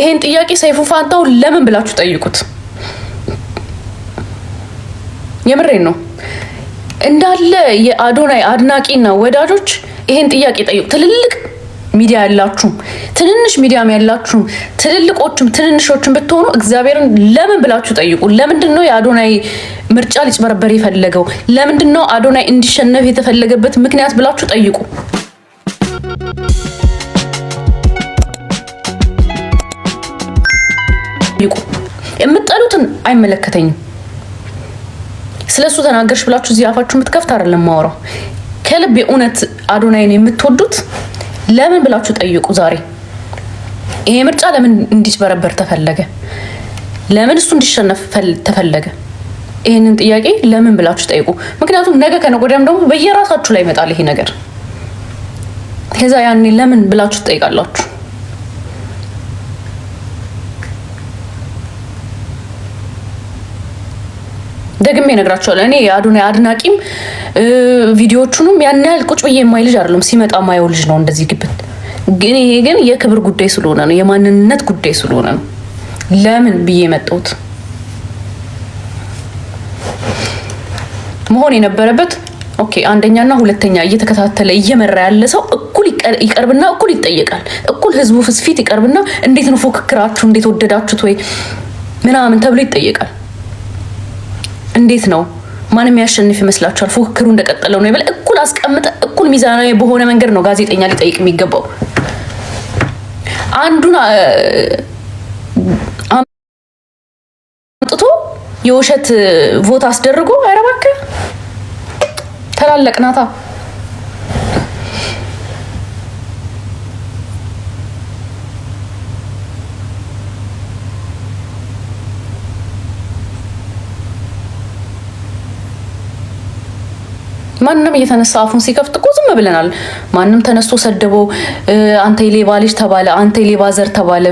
ይሄን ጥያቄ ሰይፉ ፋንታው ለምን ብላችሁ ጠይቁት። የምሬን ነው። እንዳለ የአዶናይ አድናቂና ወዳጆች ይሄን ጥያቄ ጠይቁ። ትልልቅ ሚዲያ ያላችሁ፣ ትንንሽ ሚዲያም ያላችሁ፣ ትልልቆችም ትንንሾችም ብትሆኑ እግዚአብሔርን ለምን ብላችሁ ጠይቁ። ለምንድን ነው የአዶናይ ምርጫ ሊጭበረበር የፈለገው? ለምንድን ነው አዶናይ እንዲሸነፍ የተፈለገበት ምክንያት ብላችሁ ጠይቁ። ጠይቁ። የምትጠሉትን አይመለከተኝም። ስለ እሱ ተናገርሽ ብላችሁ እዚህ አፋችሁ የምትከፍት አይደለም ማውራው። ከልብ የእውነት አዶናይን የምትወዱት ለምን ብላችሁ ጠይቁ። ዛሬ ይሄ ምርጫ ለምን እንዲጭበረበር ተፈለገ? ለምን እሱ እንዲሸነፍ ተፈለገ? ይህንን ጥያቄ ለምን ብላችሁ ጠይቁ። ምክንያቱም ነገ ከነገ ወዲያም ደግሞ በየራሳችሁ ላይ ይመጣል ይሄ ነገር። ከዛ ያኔ ለምን ብላችሁ ትጠይቃላችሁ። ደግሜ እነግራቸዋለሁ። እኔ አዱና አድናቂም ቪዲዮቹንም ያን ያህል ቁጭ ብዬ የማይ ልጅ አይደለም። ሲመጣ ማየው ልጅ ነው እንደዚህ ግብት። ግን ይሄ ግን የክብር ጉዳይ ስለሆነ ነው፣ የማንነት ጉዳይ ስለሆነ ነው ለምን ብዬ የመጣሁት። መሆን የነበረበት ኦኬ፣ አንደኛና ሁለተኛ እየተከታተለ እየመራ ያለ ሰው እኩል ይቀርብና እኩል ይጠየቃል። እኩል ህዝቡ ፍስፊት ይቀርብና እንዴት ነው ፎክክራችሁ፣ እንዴት ወደዳችሁት ወይ ምናምን ተብሎ ይጠየቃል። እንዴት ነው ማንም ያሸንፍ ይመስላችኋል? ፉክክሩ እንደቀጠለው ነው ይበል። እኩል አስቀምጠ እኩል ሚዛናዊ በሆነ መንገድ ነው ጋዜጠኛ ሊጠይቅ የሚገባው። አንዱን አምጥቶ የውሸት ቮት አስደርጎ አይረባክ ተላለቅናታ ማንም እየተነሳ አፉን ሲከፍት እኮ ዝም ብለናል። ማንም ተነስቶ ሰደበው፣ አንተ የሌባ ልጅ ተባለ፣ አንተ የሌባ ዘር ተባለ።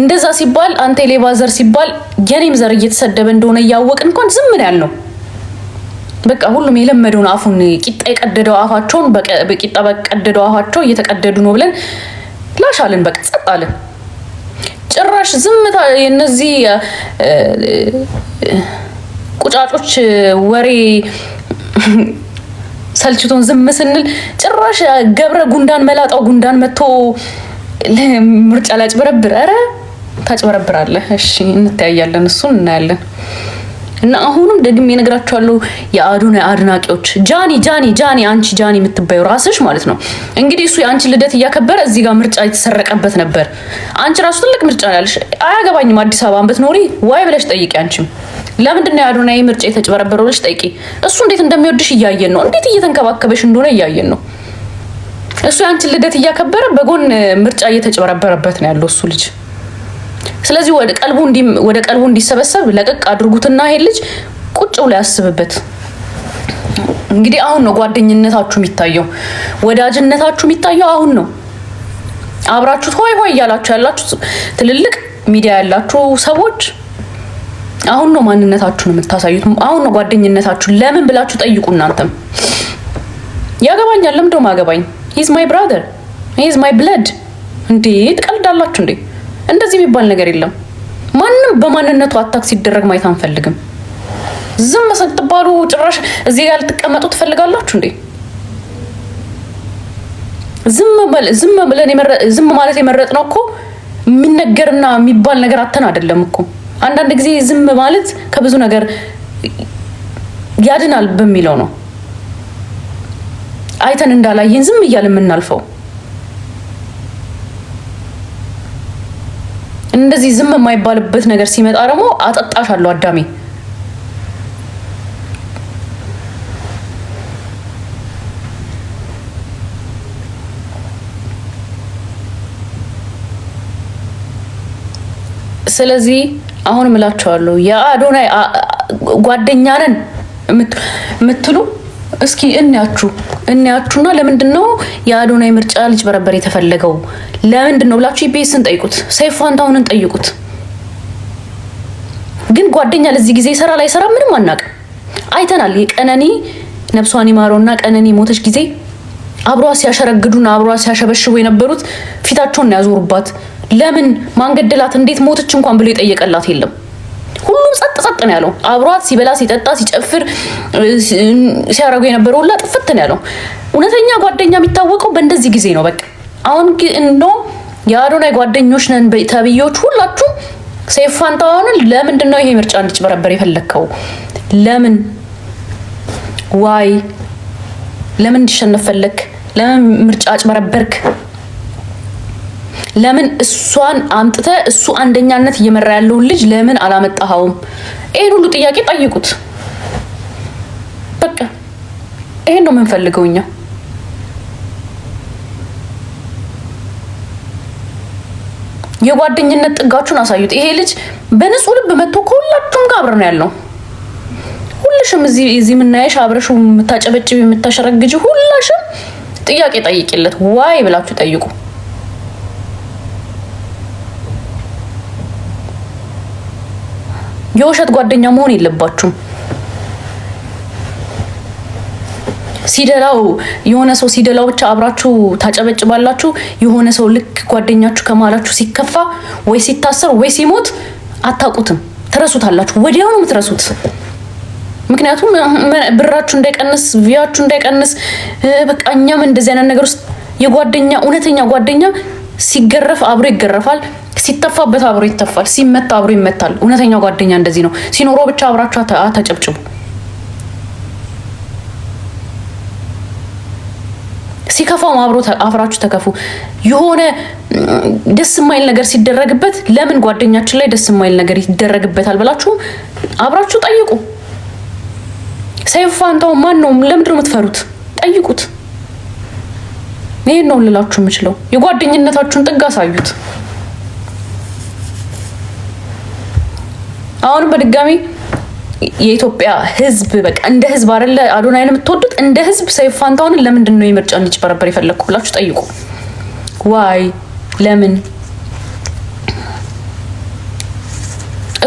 እንደዛ ሲባል አንተ የሌባ ዘር ሲባል የኔም ዘር እየተሰደበ እንደሆነ እያወቅን እንኳን ዝም ነው ያልነው። በቃ ሁሉም የለመደውን አፉን ቂጣ የቀደደው አፋቸውን በቂጣ በቀደደው አፋቸው እየተቀደዱ ነው ብለን ላሻልን፣ በቃ ጸጥ አለን። ጭራሽ ዝምታ የነዚህ ቁጫጮች ወሬ ሰልችቶን ዝም ስንል ጭራሽ ገብረ ጉንዳን መላጣው ጉንዳን መጥቶ ምርጫ ላጭበረብር። ኧረ ታጭበረብራለህ። እሺ እንተያያለን፣ እሱን እናያለን። እና አሁንም ደግሜ እነግራቸዋለሁ የአዶናይ አድናቂዎች ጃኒ ጃኒ ጃኒ አንቺ ጃኒ የምትባየው ራስሽ ማለት ነው። እንግዲህ እሱ የአንቺ ልደት እያከበረ እዚህ ጋር ምርጫ የተሰረቀበት ነበር። አንቺ ራሱ ትልቅ ምርጫ ያለሽ አያገባኝም። አዲስ አበባን ብትኖሪ ዋይ ብለሽ ጠይቂ። አንቺም ለምንድን ነው የአዶናይ ምርጫ የተጭበረበረው ብለሽ ጠይቂ። እሱ እንዴት እንደሚወድሽ እያየን ነው። እንዴት እየተንከባከበሽ እንደሆነ እያየን ነው። እሱ የአንቺን ልደት እያከበረ በጎን ምርጫ እየተጭበረበረበት ነው ያለው እሱ ልጅ። ስለዚህ ወደ ቀልቡ እንዲሰበሰብ ለቀቅ አድርጉትና ይሄ ልጅ ቁጭ ብሎ ያስብበት። እንግዲህ አሁን ነው ጓደኝነታችሁ የሚታየው፣ ወዳጅነታችሁ የሚታየው አሁን ነው። አብራችሁት ሆይ ሆይ እያላችሁ ያላችሁ ትልልቅ ሚዲያ ያላችሁ ሰዎች አሁን ነው ማንነታችሁን የምታሳዩት። አሁን ነው ጓደኝነታችሁን። ለምን ብላችሁ ጠይቁ። እናንተም ያገባኛል። ለምን ደሞ አገባኝ? ሂዝ ማይ ብራደር ሂዝ ማይ ብለድ። እንዴት ቀልዳላችሁ እንዴ? እንደዚህ የሚባል ነገር የለም። ማንም በማንነቱ አታክ ሲደረግ ማየት አንፈልግም። ዝም ስትባሉ ጭራሽ እዚህ ጋር ልትቀመጡ ትፈልጋላችሁ እንዴ? ዝም ማለት የመረጥ ነው እኮ የሚነገርና የሚባል ነገር አተን አይደለም እኮ። አንዳንድ ጊዜ ዝም ማለት ከብዙ ነገር ያድናል በሚለው ነው አይተን እንዳላየን ዝም እያለ የምናልፈው። እንደዚህ ዝም የማይባልበት ነገር ሲመጣ ደግሞ አጠጣሽ አለው አዳሜ። ስለዚህ አሁን እምላችኋለሁ የአዶናይ ጓደኛ ነን የምትሉ እስኪ እንያችሁ እንያችሁና ለምንድን ነው የአዶናይ ምርጫ ልጅ በረበር የተፈለገው ለምንድን ነው ብላችሁ ኢቢኤስን ጠይቁት፣ ሰይፉ ፋንታሁንን ጠይቁት። ግን ጓደኛ ለዚህ ጊዜ ላይ ሰራ ምንም አናውቅም። አይተናል። የቀነኒ ነብሷን ይማረውና ቀነኒ ሞተች ጊዜ አብሯ ሲያሸረግዱና አብሯ ሲያሸበሽቡ የነበሩት ፊታቸውን ያዞሩባት። ለምን ማንገደላት እንዴት ሞተች እንኳን ብሎ የጠየቀላት የለም። ሁሉም ጸጥ ጸጥ ነው ያለው። አብሯት ሲበላ ሲጠጣ ሲጨፍር ሲያደርጉ የነበረው ሁላ ጥፍት ነው ያለው። እውነተኛ ጓደኛ የሚታወቀው በእንደዚህ ጊዜ ነው። በቃ አሁን እንደውም የአዶናይ ጓደኞች ነን ተብዬዎች ሁላችሁ ሴፍ ፋንታሁንን ለምንድን ነው ይሄ ምርጫ እንድጭበረበር የፈለግከው? ለምን ዋይ ለምን እንዲሸነፍ ፈለግ? ለምን ምርጫ አጭበረበርክ? ለምን እሷን አምጥተ እሱ አንደኛነት እየመራ ያለውን ልጅ ለምን አላመጣኸውም? ይህን ሁሉ ጥያቄ ጠይቁት። በቃ ይሄን ነው የምንፈልገው እኛ። የጓደኝነት ጥጋችሁን አሳዩት። ይሄ ልጅ በንጹህ ልብ መጥቶ ከሁላችሁም ጋር አብረን ያለው ሁልሽም እዚህ የምናየሽ አብረሽ የምታጨበጭብ የምታሸረግጅ ሁላሽም ጥያቄ ጠይቂለት። ዋይ ብላችሁ ጠይቁ። የውሸት ጓደኛ መሆን የለባችሁም። ሲደላው የሆነ ሰው ሲደላው ብቻ አብራችሁ ታጨበጭባላችሁ። የሆነ ሰው ልክ ጓደኛችሁ ከማላችሁ ሲከፋ ወይ ሲታሰር ወይ ሲሞት አታውቁትም፣ ትረሱታላችሁ። ወዲያውኑ የምትረሱት ምክንያቱም ብራችሁ እንዳይቀንስ፣ ቪያችሁ እንዳይቀንስ፣ በቃ እኛም እንደዚህ አይነት ነገር ውስጥ የጓደኛ እውነተኛ ጓደኛ ሲገረፍ አብሮ ይገረፋል። ሲተፋበት አብሮ ይተፋል፣ ሲመታ አብሮ ይመታል። እውነተኛ ጓደኛ እንደዚህ ነው። ሲኖሮ ብቻ አብራችሁ ተጨብጭቡ። ሲከፋውም አብሮ አብራችሁ ተከፉ። የሆነ ደስ የማይል ነገር ሲደረግበት ለምን ጓደኛችን ላይ ደስ የማይል ነገር ይደረግበታል ብላችሁ አብራችሁ ጠይቁ። ሰይፉ ፋንታሁን ማን ነው? ለምንድን ነው የምትፈሩት? ጠይቁት። ይህን ነው ልላችሁ የምችለው። የጓደኝነታችሁን ጥግ አሳዩት። አሁንም በድጋሚ የኢትዮጵያ ህዝብ በቃ እንደ ህዝብ አይደለ አዶናይን የምትወዱት? እንደ ህዝብ ሰይፉ ፋንታሁንን ለምንድን ነው የምርጫ እንዲጭበረበር የፈለግኩ ብላችሁ ጠይቁ። ዋይ ለምን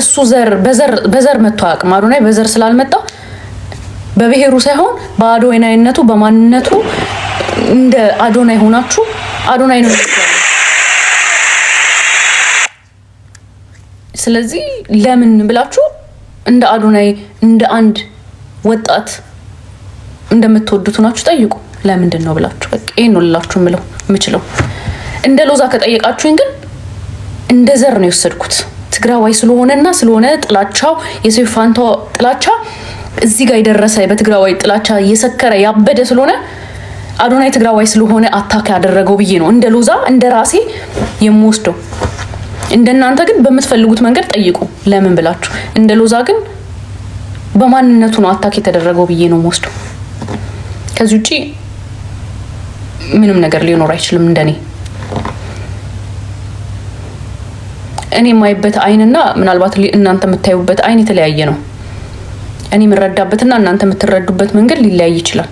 እሱ ዘር በዘር መጥቶ አያውቅም። አዶናይ በዘር ስላልመጣ በብሔሩ ሳይሆን በአዶናይነቱ በማንነቱ እንደ አዶናይ ሆናችሁ አዶናይ ነው ስለዚህ ለምን ብላችሁ እንደ አዶናይ እንደ አንድ ወጣት እንደምትወዱት ናችሁ ጠይቁ። ለምንድን ነው ብላችሁ በቃ ይሄን ነው ልላችሁ ምለው የምችለው። እንደ ሎዛ ከጠየቃችሁኝ ግን እንደ ዘር ነው የወሰድኩት ትግራዋይ ስለሆነና ስለሆነ ጥላቻው የሰይፉ ጥላቻ እዚህ ጋር የደረሰ በትግራዋይ ጥላቻ እየሰከረ ያበደ ስለሆነ አዶናይ ትግራዋይ ስለሆነ አታካ ያደረገው ብዬ ነው እንደ ሎዛ እንደ ራሴ የምወስደው። እንደናንተ ግን በምትፈልጉት መንገድ ጠይቁ ለምን ብላችሁ። እንደ ሎዛ ግን በማንነቱ ነው አታክ የተደረገው ብዬ ነው የምወስደው። ከዚህ ውጭ ምንም ነገር ሊኖር አይችልም። እንደኔ እኔ የማይበት አይንና ምናልባት እናንተ የምታዩበት አይን የተለያየ ነው። እኔ የምረዳበትና እናንተ የምትረዱበት መንገድ ሊለያይ ይችላል።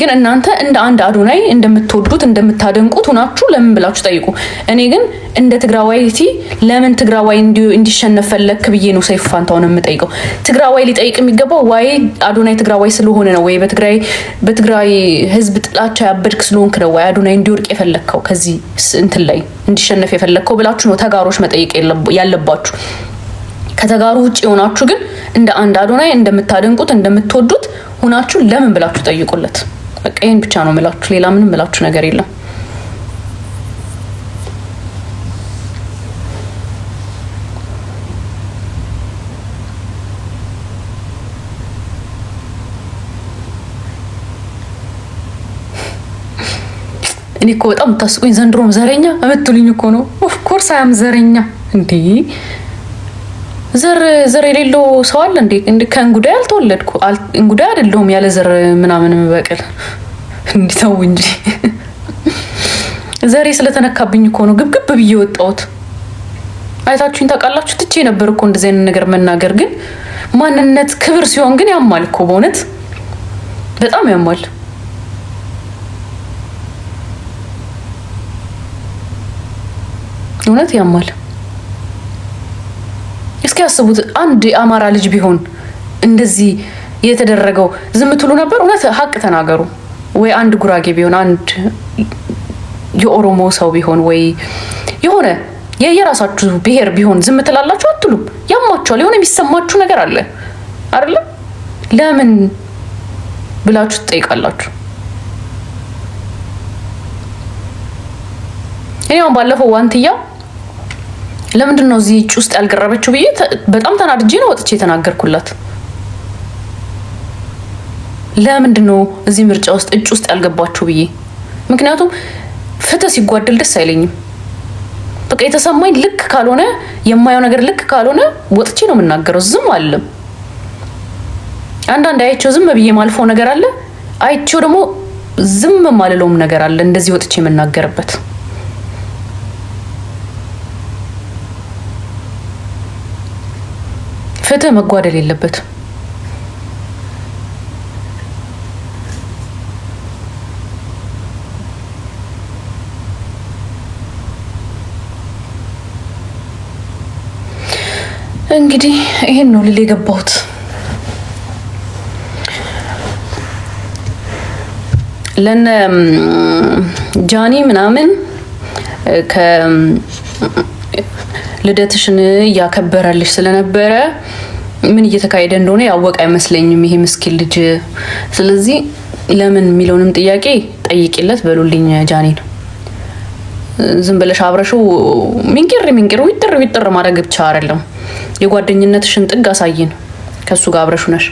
ግን እናንተ እንደ አንድ አዶናይ እንደምትወዱት እንደምታደንቁት ሁናችሁ ለምን ብላችሁ ጠይቁ። እኔ ግን እንደ ትግራዋይቲ ለምን ትግራዋይ እንዲሸነፍ ፈለክ ብዬ ነው ሰይፉ ፋንታሁን የምጠይቀው። ትግራዋይ ሊጠይቅ የሚገባው ዋይ አዶናይ ትግራዋይ ስለሆነ ነው ወይ በትግራይ በትግራይ ህዝብ ጥላቻ ያበድክ ስለሆንክ ነው ወይ አዶናይ እንዲወርቅ የፈለግከው ከዚህ እንትን ላይ እንዲሸነፍ የፈለግከው ብላችሁ ነው ተጋሮች መጠየቅ ያለባችሁ። ከተጋሩ ውጭ የሆናችሁ ግን እንደ አንድ አዶናይ እንደምታደንቁት እንደምትወዱት ሁናችሁ ለምን ብላችሁ ጠይቁለት። በቃ ይህን ብቻ ነው ምላችሁ፣ ሌላ ምንም ምላችሁ ነገር የለም። እኔ እኮ በጣም ታስቁኝ። ዘንድሮም ዘረኛ እምትሉኝ እኮ ነው። ኦፍኮርስ አያም ዘረኛ እንዴ ዘር ዘር የሌለው ሰው አለ እንዴ? ከእንጉዳይ አልተወለድኩ እንጉዳይ አይደለሁም ያለ ዘር ምናምን መበቀል እንዲተው እንጂ ዘሬ ስለተነካብኝ እኮ ነው ግብግብ ብዬ ወጣሁት። አይታችሁኝ ታውቃላችሁ። ትቼ ነበር እኮ እንደዚህ አይነት ነገር መናገር። ግን ማንነት ክብር ሲሆን ግን ያማል እኮ በእውነት በጣም ያማል። እውነት ያማል። እስኪ ያስቡት አንድ የአማራ ልጅ ቢሆን እንደዚህ የተደረገው ዝም ትሉ ነበር? እውነት ሀቅ ተናገሩ ወይ? አንድ ጉራጌ ቢሆን አንድ የኦሮሞ ሰው ቢሆን ወይ የሆነ የየራሳችሁ ብሔር ቢሆን ዝም ትላላችሁ? አትሉም። ያማችኋል። የሆነ የሚሰማችሁ ነገር አለ አይደለ? ለምን ብላችሁ ትጠይቃላችሁ። እኔ አሁን ባለፈው ዋንትያ ለምንድን ነው እዚህ እጭ ውስጥ ያልገረበችው ብዬ በጣም ተናድጄ ነው ወጥቼ የተናገርኩላት። ለምንድን ነው እዚህ ምርጫ ውስጥ እጭ ውስጥ ያልገባችሁ ብዬ። ምክንያቱም ፍትህ ሲጓደል ደስ አይለኝም። በቃ የተሰማኝ ልክ ካልሆነ የማየው ነገር ልክ ካልሆነ ወጥቼ ነው የምናገረው። ዝም አለም። አንዳንድ አያቸው ዝም ብዬ ማልፈው ነገር አለ፣ አይቸው ደግሞ ዝም ማልለውም ነገር አለ። እንደዚህ ወጥቼ የምናገርበት ፍትህ መጓደል የለበትም። እንግዲህ ይሄን ነው ልል የገባሁት። ለነ ጃኒ ምናምን ልደትሽን እያከበረልሽ ስለነበረ ምን እየተካሄደ እንደሆነ ያወቀ አይመስለኝም ይሄ ምስኪን ልጅ። ስለዚህ ለምን የሚለውንም ጥያቄ ጠይቂለት በሉልኝ ጃኒ ነው። ዝም ብለሽ አብረሽው ሚንቅር ሚንቅር ዊጥር ዊጥር ማድረግ ብቻ አይደለም፣ የጓደኝነትሽን ጥግ አሳይን ከእሱ ጋር አብረሹ ነሽ።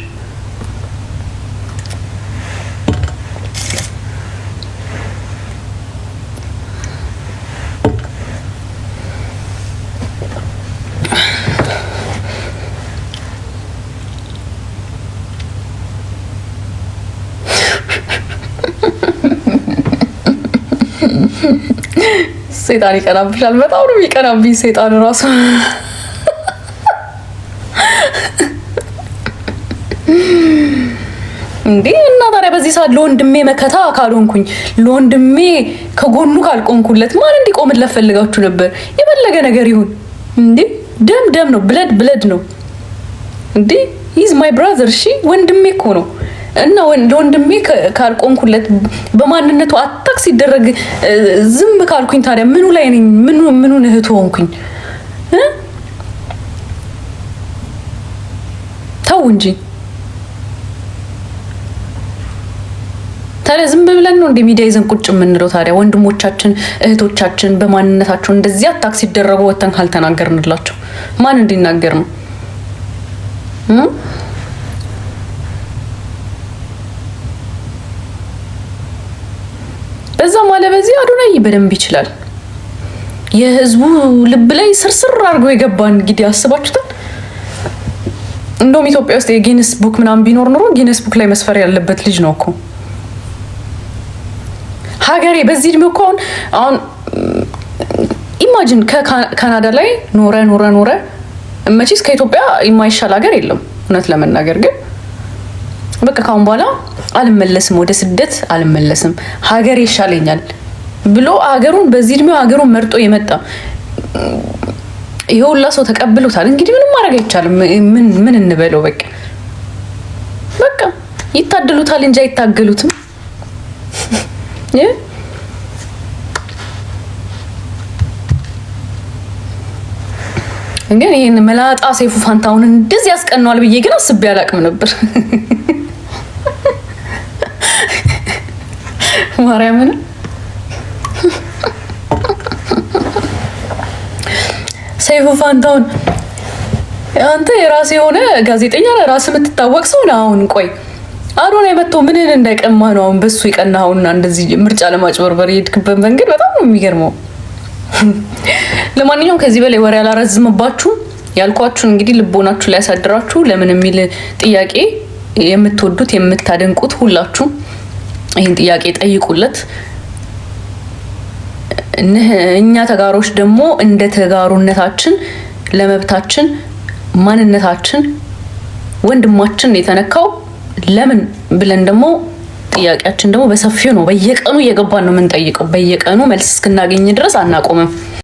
ሴጣን ይቀናብሻል። በጣም ነው የሚቀናብኝ ሴጣን ራሱ። እንዴ እና ታዲያ በዚህ ሰዓት ለወንድሜ መከታ ካልሆንኩኝ ለወንድሜ ከጎኑ ካልቆምኩለት ማን እንዲቆምለት ፈልጋችሁ ነበር? የፈለገ ነገር ይሁን እንዴ ደም ደም ነው፣ ብለድ ብለድ ነው እንዴ። ኢዝ ማይ ብራዘር። እሺ ወንድሜ እኮ ነው። እና ለወንድሜ ካልቆንኩለት በማንነቱ አታክ ሲደረግ ዝም ካልኩኝ ታዲያ ምኑ ላይ ነኝ? ምኑን እህቱ ሆንኩኝ? ተው እንጂ ታዲያ ዝም ብለን ነው እንደ ሚዲያ ይዘን ቁጭ የምንለው? ታዲያ ወንድሞቻችን እህቶቻችን በማንነታቸው እንደዚህ አታክ ሲደረጉ ወተን ካልተናገርንላቸው ማን እንዲናገር ነው? በዛ ማለ በዚህ አዶናይ በደንብ ይችላል። የህዝቡ ልብ ላይ ስርስር አድርጎ የገባ እንግዲህ አስባችሁታል። እንደውም ኢትዮጵያ ውስጥ የጊኒስ ቡክ ምናምን ቢኖር ኑሮ ጊኒስ ቡክ ላይ መስፈር ያለበት ልጅ ነው እኮ ሀገሬ። በዚህ እድሜ እኮ አሁን አሁን ኢማጂን ከካናዳ ላይ ኖረ ኖረ ኖረ መቼስ ከኢትዮጵያ የማይሻል ሀገር የለም እውነት ለመናገር ግን በቃ ካሁን በኋላ አልመለስም፣ ወደ ስደት አልመለስም፣ ሀገር ይሻለኛል ብሎ ሀገሩን በዚህ እድሜው ሀገሩን መርጦ የመጣ ይሄ ሁላ ሰው ተቀብሎታል። እንግዲህ ምንም ማድረግ አይቻልም። ምን እንበለው? በቃ በቃ ይታደሉታል እንጂ አይታገሉትም። ግን ይህን መላጣ ሰይፉ ፋንታሁን እንደዚህ ያስቀነዋል ብዬ ግን አስቤ አላቅም ነበር። ማርያምን ሰይፉ ፋንታውን አንተ የራስ የሆነ ጋዜጠኛ ራስ የምትታወቅ ሰው ነህ። አሁን ቆይ አዶናይ መጥቶ ምንን እንደቀማ ነው አሁን በሱ የቀናኸውና እንደዚህ ምርጫ ለማጭበርበር የሄድክበት መንገድ በጣም ነው የሚገርመው። ለማንኛውም ከዚህ በላይ ወሬ አላረዝምባችሁ ያልኳችሁን እንግዲህ ልቦናችሁ ላይ ያሳድራችሁ። ለምን የሚል ጥያቄ የምትወዱት የምታደንቁት ሁላችሁ ይህን ጥያቄ ጠይቁለት። እኛ ተጋሮች ደግሞ እንደ ተጋሩነታችን ለመብታችን ማንነታችን ወንድማችን የተነካው ለምን ብለን ደግሞ ጥያቄያችን ደግሞ በሰፊው ነው። በየቀኑ እየገባን ነው የምንጠይቀው። በየቀኑ መልስ እስክናገኝ ድረስ አናቆምም።